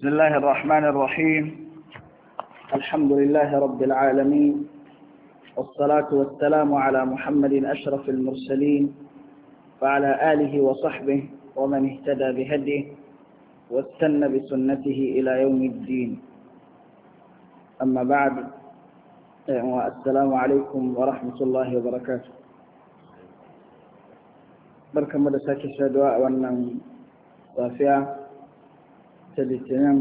بسم الله الرحمن الرحيم الحمد لله رب العالمين والصلاة والسلام على محمد أشرف المرسلين وعلى آله وصحبه ومن اهتدى بهديه واستنى بسنته إلى يوم الدين أما بعد السلام عليكم ورحمة الله وبركاته بركة مدساك الشهدواء وأنم صافية ta litinin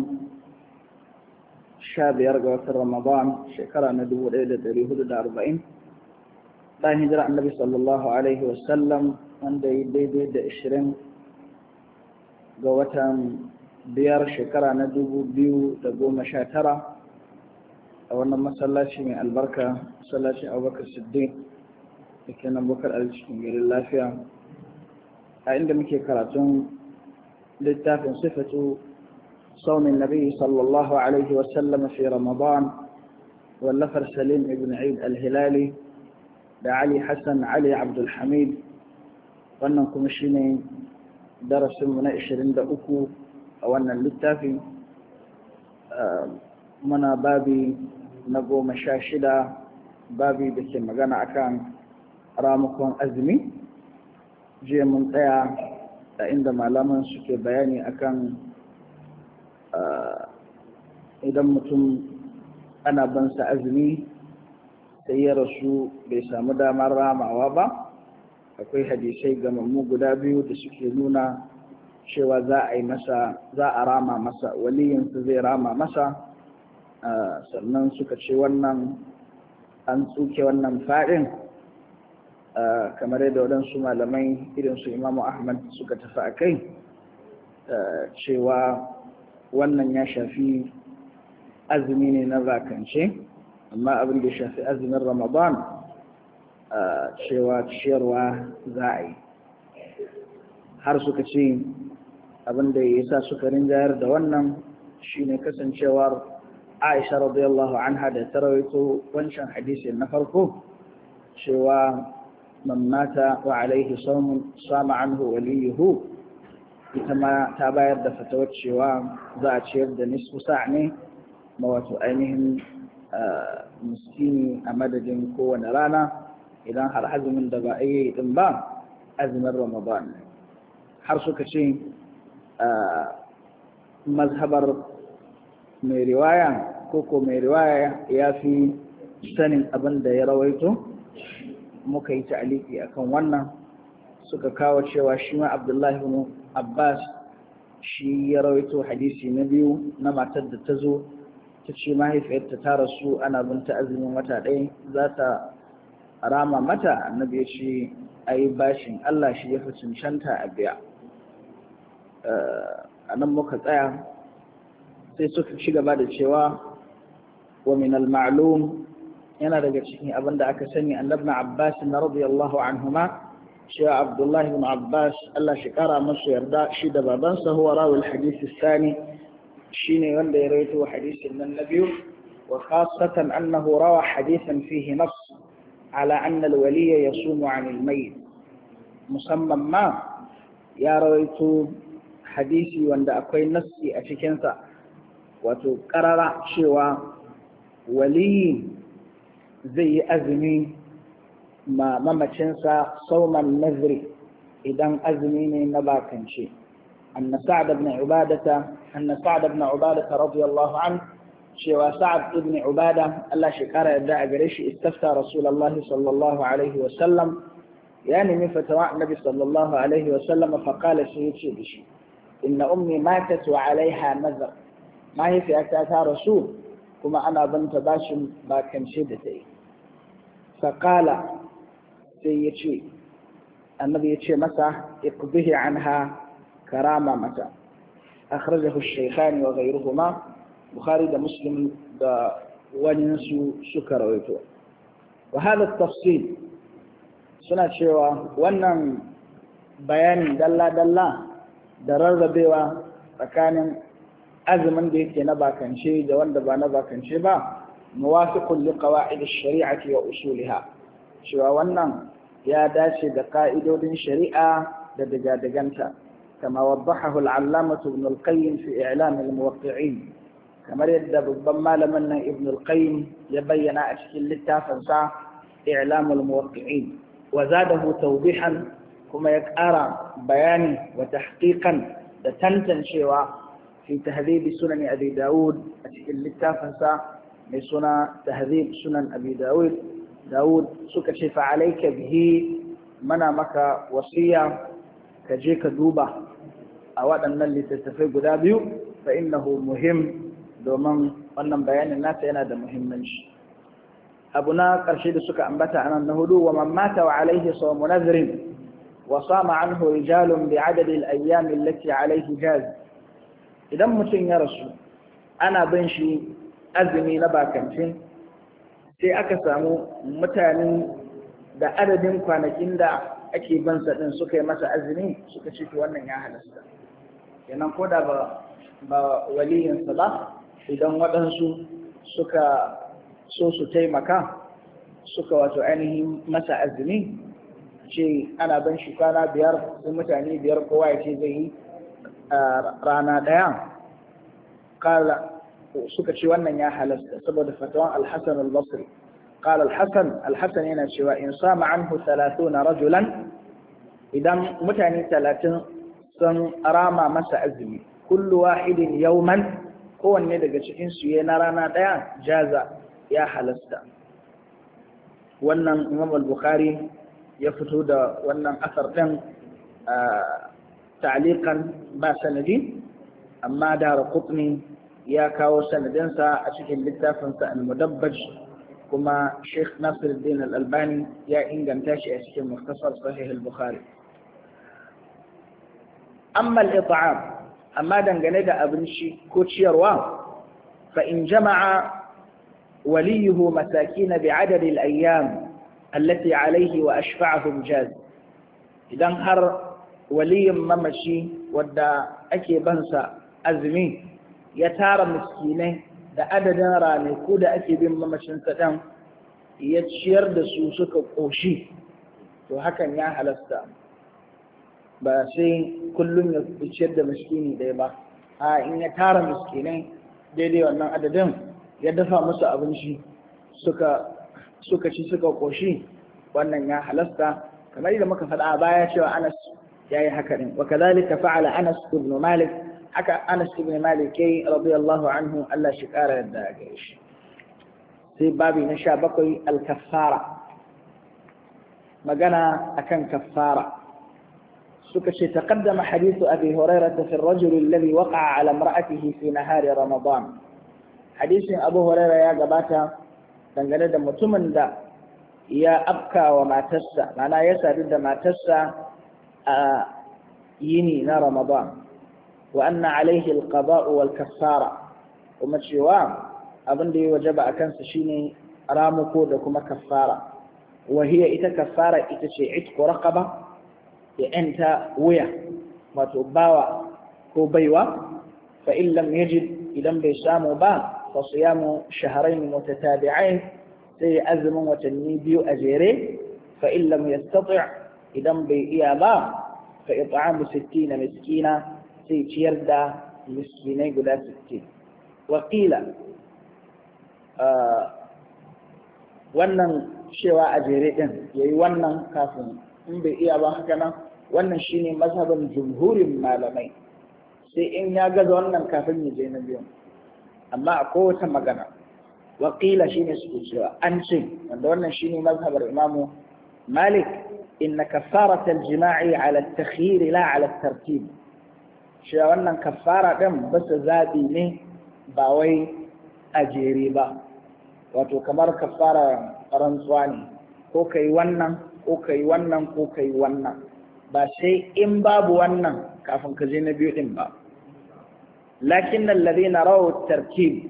sha biyar ga watan ramadan shekara na dubu ɗaya da ɗari hudu da arba'in Ɗan hijira annabi sallallahu alaihi wasallam wanda yi daidai da ashirin ga watan biyar shekara na dubu biyu da goma sha tara a wannan masallaci mai albarka masallaci abubakar Siddin da ke nan bukar cikin garin lafiya a inda muke karatun littafin sifatu صوم النبي صلى الله عليه وسلم في رمضان واللفر سليم بن عيد الهلالي لعلي حسن علي عبد الحميد وأنكم كمشيني درس من إشرين دأكو أو أن اللتافي آه، منا بابي نبو مشاشدة بابي da ke أكان رامكم أزمي جي jiya عندما لمن سكي بياني أكان Ah, idan mutum ana bansa azumi sai ya rasu bai samu damar ramawa ba akwai hadisai ga gamammu guda biyu da suke nuna cewa za a rama masa waliyansu zai rama masa ah, sannan suka ce wannan an tsuke wannan faɗin ah, kamar yadda waɗansu malamai irinsu imamu ahmad suka tafi a kai cewa wannan ya shafi azumi ne na zakance amma abin da ya shafi azumin ramadan cewa ciyarwa za a yi har suka ce abin da ya sa suka rinjayar da wannan shine kasancewar aisha radiyallahu anha da ta rawaito wancan hadisi na farko cewa man mata wa alaihi sama anhu waliyuhu ita ma ta bayar da fatawar cewa za a ciyar da nisfu sa ne ma wato ainihin miskini a madadin kowane rana idan har azumin da ba a yi din ba azumin ramadan har suka ce mazhabar mai riwaya koko mai riwaya ya fi sanin abin da ya rawaito muka yi ta'aliki akan wannan suka kawo cewa shi ma abdullahi abbas shi ya rawaito hadisi na biyu na matar da ta zo ta ce mahaifiyarta ta rasu ana binta azumin wata ɗaya za ta rama mata annabi ya ce a yi bashin allah shi ya fi cancanta a biya eh, a nan muka tsaya sai suka ci gaba da cewa wa min al-ma'lum yana daga cikin abin da aka sani annabna abbas na radiyallahu anhuma شيخ عبد الله بن عباس الله شكرا مصر يرضى شيد بابانسا هو راوي الحديث الثاني شيني وند يريته حديث من النبي وخاصة أنه روى حديثا فيه نص على أن الولي يصوم عن الميت مسمى ما يا رويت حديثي وند أكوي نصي أشكنسا وتقرر شوى ولي زي أزمي ma mamacinsa sauman nazri idan azumi ne na bakance anna sa'ad ibn ubadata anna sa'ad ibn ubadata radiyallahu an cewa sa'ad ibn ubada Allah shi kara yadda a gare shi istafta rasulullah sallallahu alaihi ya nemi fatawa annabi sallallahu alaihi wa sallam fa shi yace dishi inna ummi matat wa alaiha nazar ma hi ta rasu kuma ana banta bashin bakance da tai fa qala sai ya ce annabi ya ce masa iqdihi anha karama mata akhrajahu ash-shaykhan wa ghayruhuma bukhari da muslim da wani su suka rawaito wa hada tafsil suna cewa wannan bayanin dalla-dalla da rarrabewa tsakanin azumin da yake na bakance da wanda ba na bakance ba muwafiqun liqawa'id ash-shari'ati wa usuliha cewa wannan ya dace da ka'idodin shari'a da diga-diganta kama waddahahu allamatu allamah ibn al-qayyim fi i'lam al-muwaqqi'in kamar yadda babban malamin nan ibn al-qayyim ya bayyana a cikin littafin sa i'lam al-muwaqqi'in wa zadahu tawbihan kuma ya ƙara bayani wa tahqiqan da tantancewa في تهذيب سنن أبي داود أشكل mai suna تهذيب sunan أبي داود Dawud suka ce fa bihi mana maka wasiya ka je ka duba a waɗannan littattafai guda biyu fa innahu muhim domin wannan bayanin nata yana da muhimmanci abu na ƙarshe da suka ambata anan na hudu wa man wa alaihi sawmu nadhrin wa sama anhu rijalun bi adadi al-ayyam alaihi jaz idan mutum ya rasu ana bin shi azumi na bakancin sai aka samu mutanen da adadin kwanakin da ake bansa ɗin suka yi masa azumi suka ce wannan ya halasta kenan ko da ba ba ba idan waɗansu suka so su taimaka suka wato ainihin masa azumi ce ana ban shi kwana biyar sai mutane biyar kowa ya ce zai yi rana ɗaya kala suka ce wannan ya halasta saboda fatawan al-Hasan al-Basri قال الحسن الحسن yana cewa in sa anhu 30 rajulan idan mutane talatin sun rama masa azumi kullu wahidin yauman kowanne daga cikin su yana rana daya jaza ya halasta wannan Imam al-Bukhari ya fito da wannan asar din ah, ta'liqan ba sanadi amma da Qutni ya kawo sanadinsa a cikin littafinsa al-mudabbaj kuma Sheikh Nasiruddin al-Albani ya inganta shi a cikin Mukhtasar Sahih al-Bukhari amma al-it'am amma dangane da abinci ko ciyarwa fa in jama'a waliyuhu masakin bi'adad al-ayyam allati alayhi wa ashfa'ahum jaz idan har waliyin mamaci wadda ake bansa azumi ya tara miskinai da adadin ranaku da ake bin mamashin ɗan ya ciyar da su suka ƙoshi to hakan ya halasta ba sai kullum ya ciyar da miskini ɗaya ba a in ya tara miskinai daidai wannan adadin ya dafa musu abinci suka suka ci suka ƙoshi wannan ya halasta kamar yadda muka faɗa a baya cewa Anas ya yi haka ne wa kazalika fa'ala Anas ibn Malik haka Anas ibn Malik yayi radiyallahu anhu Allah shi kara yadda gare shi sai babi na sha bakwai al-kaffara magana akan kaffara suka ce taqaddama hadithu Abi Hurairah fi ar-rajul alladhi waqa'a ala imra'atihi fi nahar Ramadan hadisin Abu Hurairah ya gabata dangane da mutumin da ya wa matarsa mana ya sadu da matarsa a yini na Ramadan wa anna alaihi alqada'u wal kaffara kuma cewa abin da ya wajaba a kansa shine ramuko da kuma kaffara wa hiya ita kaffara ita ce itqu raqaba ya anta wuya wato bawa ko baiwa fa in lam yajid idan bai samu ba fa siyamu shahrayn mutatabi'ain sai azumin watanni biyu a jere fa in lam yastati' idan bai iya ba fa it'amu 60 miskina sai ciyar da miskinai guda 60 wakila wannan cewa a jere ɗin ya yi wannan kafin in bai iya ba haka nan wannan shi ne mazhabin jumhurin malamai sai in ya gaza wannan kafin ya je na biyu amma a kowace magana wakila shine suke cewa an ce wanda wannan shi shine mazhabar imamu malik inna kafaratal jima'i ala at-takhyir la ala at Cewa wannan kafara ɗin basa zaɓi ne ba wai a jere ba wato kamar kafara rantsuwa ne ko ka yi wannan ko ka yi wannan ko ka yi wannan ba sai in babu wannan kafin ka je na biyu ɗin ba lakin nan, na rawar tarkib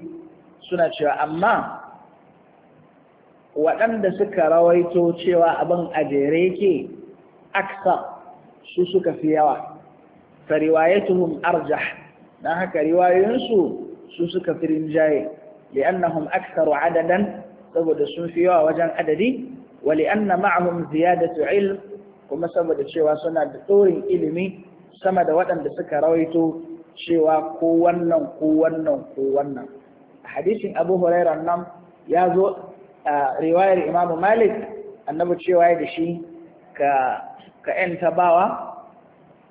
suna cewa amma waɗanda suka rawaito cewa abin a jere yake aksa su suka fi yawa fariwayatuhum arjah dan haka riwayoyinsu su suka fi rinjaye li'annahum aktharu adadan saboda sun yawa wajen adadi wa li'anna ma'ahum kuma saboda cewa suna da tsorin ilimi sama da waɗanda suka rawaito cewa ko wannan ko hadisin abu hurairar nan ya zo a riwayar imamu annabi ya ka ka bawa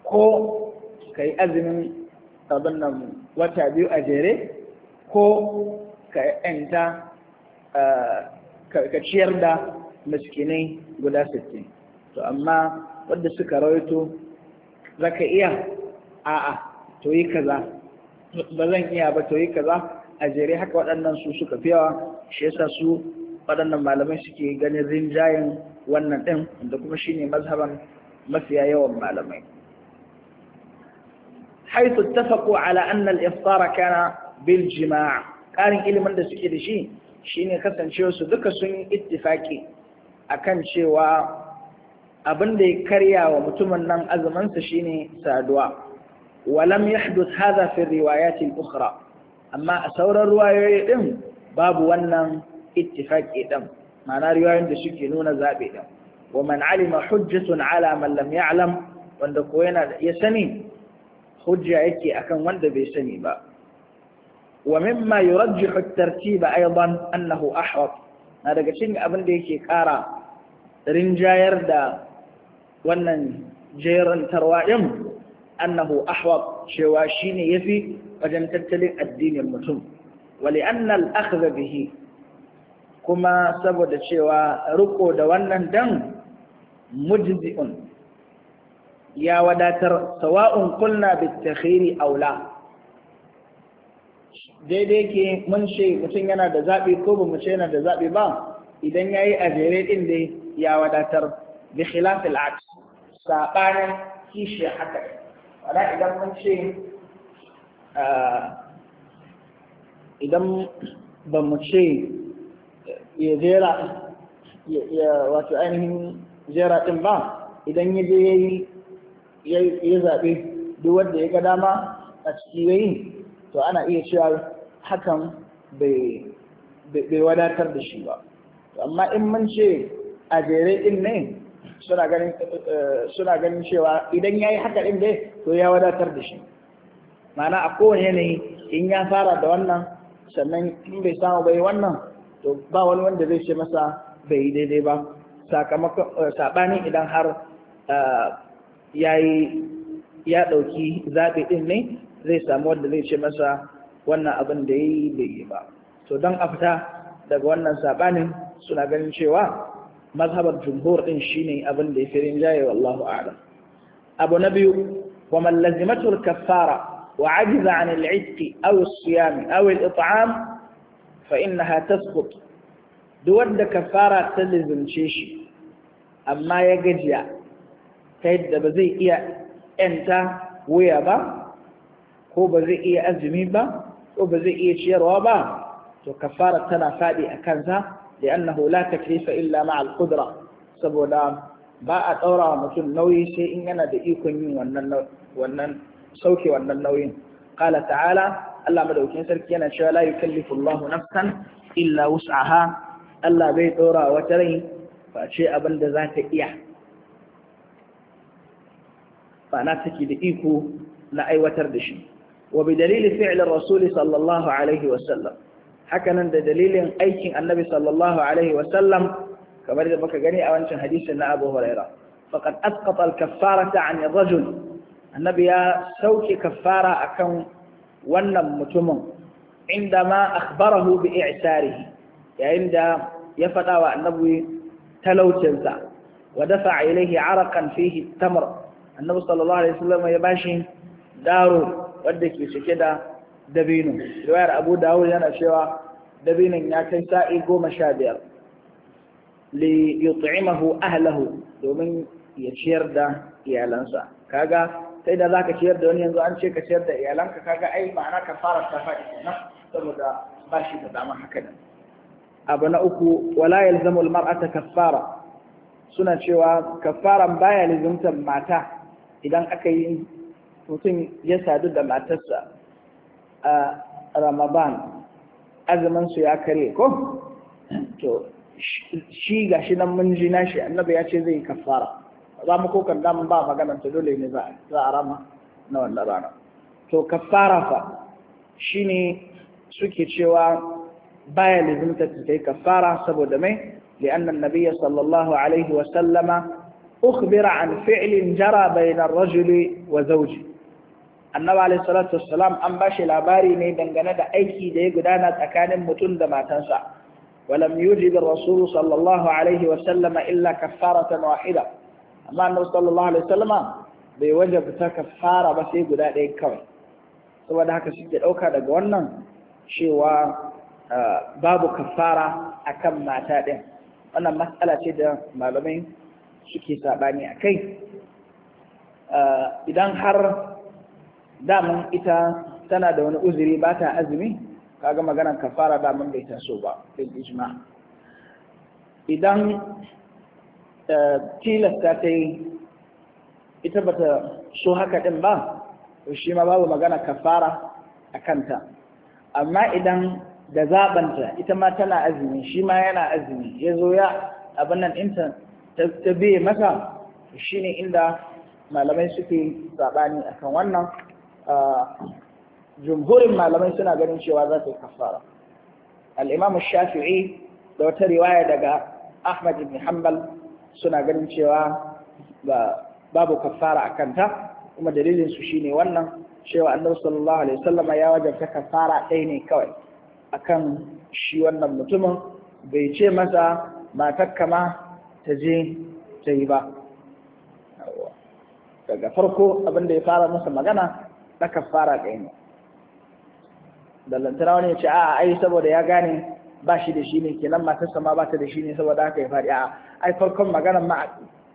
ko ka yi azumin abin nan wata biyu a jere ko ka yanta ka ciyar da miskinai guda sittin to amma wadda suka rawaito za ka iya a'a to yi kaza ba zan iya ba to yi kaza a jere haka waɗannan su suka fi yawa shi yasa su waɗannan malamai suke ganin rinjayen wannan ɗin da kuma shine mazhaban mafiya yawan malamai حيث اتفقوا على أن الإفطار كان بالجماع قارن إلي من دسكي دشي شيني كسن شيو سدك سن اتفاقي أكن شيوا أبن دي كريا ومتمن نم أزمن سشيني سادوا ولم يحدث هذا في الروايات الأخرى أما أسور الرواية إم باب ونن اتفاقي إم معنى رواية دسكي نون زابي إم ومن علم حجة على من لم يعلم وندقوين يسنين hujja yake akan wanda bai sani ba wa mimma yurajjihu at-tartib aidan annahu ahwat na daga cikin abin da yake kara rinjayar da wannan jeran tarwa'in annahu ahwat cewa shine yafi wajen tattalin addinin mutum wa li'anna al-akhdha bihi kuma saboda cewa riko da wannan dan mujzi'un ya wadatar sawa'un kulna bitakhiri aw la daidai ke mun ce mutum yana da zaɓi ko ba mu ce yana da zaɓi ba idan ya yi a ɗin dai ya wadatar bi khilafil aks saɓanin kishi haka wala idan mun ce idan ba mu ce ya jera wato ainihin jera ɗin ba idan ya je ya yi ya zaɓe duk wanda ya ga dama a ciki yayi to ana iya cewa hakan bai wadatar da shi ba amma in mun ce a jere din ne eh, suna ganin cewa idan ya yi haka din dai to ya wadatar da shi mana a kowane yanayi in ya fara da wannan sannan in bai samu bai wannan to ba wani wanda zai ce masa bai daidai ba sakamakon eh, saɓani idan har eh, yayi ya ɗauki zaɓi ɗin ne zai samu wanda zai ce masa wannan abin da yayi bai yi ba to don a fita daga wannan saɓanin suna ganin cewa mazhabar jumhur ɗin shine abin da ya fi rinjaye wallahu a'lam abu na biyu wa mallazimatul kaffara wa ajiza an al'itqi aw as-siyam aw al-it'am fa innaha tasqut duk wanda kaffara ta lizimce shi amma ya gajiya ta yadda ba zai iya ‘yanta wuya ba ko ba zai iya azumi ba ko ba zai iya ciyarwa ba to kafara tana faɗi a kansa da annahu la taklifa illa ma'al qudra saboda ba a ɗaura wa mutum nauyi sai in yana da ikon yin wannan wannan sauke wannan nauyin qala ta'ala Allah madaukin sarki yana cewa la yukallifu Allahu nafsan illa wus'aha Allah bai ɗora wata rai face abin da za ta iya ma'ana take da iko na aiwatar da shi wa bi dalili fi'l rasuli sallallahu alaihi wa sallam hakanan da dalilin aikin annabi sallallahu alaihi wa kamar da muka gani a wancan hadisin na Abu Huraira faqad asqata al-kaffarata 'an ar-rajul annabi ya sauke kaffara akan wannan mutumin inda ma akhbarahu bi i'sarihi yayin da ya faɗa wa annabi talaucinsa wa dafa ilaihi araqan fihi tamr annabi sallallahu alaihi wasallam ya bashi daro wanda ke cike da dabino riwayar abu dawud yana cewa dabinin ya kai sa'i goma sha biyar li yut'imahu ahlahu domin ya ciyar da iyalansa kaga sai da zaka ciyar da wani yanzu an ce ka ciyar da iyalanka kaga ai ma'ana ka fara ta faɗi kenan saboda ba shi da dama haka nan abu na uku wala yalzamu almar'ata kaffara suna cewa kaffaran baya lizumtar mata idan aka yi mutum ya sadu da matarsa a ramadan azumansu ya kare ko to shi ga shi nan mun ji nashi annabi ya ce zai yi kafara za mu ko kan damun ba maganar ta dole ne za a rama na wannan rana to kafara fa shine suke cewa baya lazimta ta yi kafara saboda mai li'annan Nabiya sallallahu alaihi Wasallama. sallama أخبر عن فعل جرى بين الرجل وزوجه annabi alaihi salatu wassalam an bashi labari ne dangane da aiki da ya gudana tsakanin mutum da matansa walam yujib ar-rasul sallallahu alaihi wasallam illa kaffaratan wahida amma annabi sallallahu alaihi wasallam bai wajabta kaffara ba sai guda ɗaya kawai saboda haka suke ɗauka daga wannan cewa babu kaffara akan mata ɗin wannan matsala ce da malamai suke saɓani a kai uh, idan har daman ita tana da wani uzuri ba ta azumi kaga maganar kafara daman bai taso ba fil ijma idan uh, tilasta ta yi ita bata so haka ɗin ba to shi ma babu magana kafara a kanta amma idan da zaɓanta ita ma tana azumi shi ma yana azumi ya zo ya abin nan ɗinta ta biye masa shine inda malamai suke saɓani kan wannan jumhurin malamai suna ganin cewa za ta yi kafara al'imam shafi'i da wata riwaya daga ahmad ibn hanbal suna ganin cewa babu kafara a kanta kuma dalilinsu shine wannan cewa annabi sallallahu alaihi wasallama ya wajabta kafara ɗaya ne kawai akan shi wannan mutumin bai ce masa matakka ma ta je ta yi ba daga farko abinda ya fara masa magana ɗaka fara ɗaya ne wani ya ce a ai saboda ya gane ba shi da shi ne kenan matarsa ma ba ta da shi ne saboda haka ya fari a ai farkon maganar ma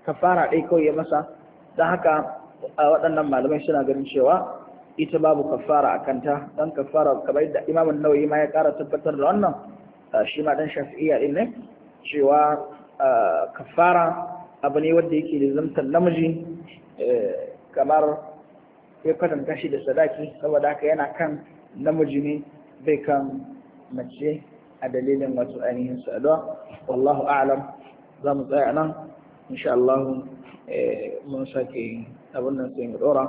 ka fara ɗaya kawai ya masa don haka waɗannan malamai suna ganin cewa ita babu kafara a kanta don kafara kamar da imamun nauyi ma ya ƙara tabbatar da wannan shi ma ɗan shafi'iyya ɗin ne cewa kafara abu ne wanda yake da zamtar namiji eh, kamar ya kwatanta shi da sadaki saboda haka yana kan namiji ne bai kan mace a dalilin wasu ainihin saduwa wallahu a'lam za mu tsaya nan insha Allah eh, mun sake abin nan sai mu dora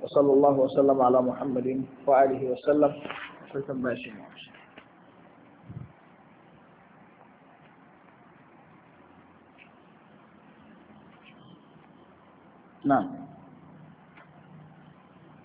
wa sallallahu wa sallama ala muhammadin wa alihi wa sallam sai tambaye نعم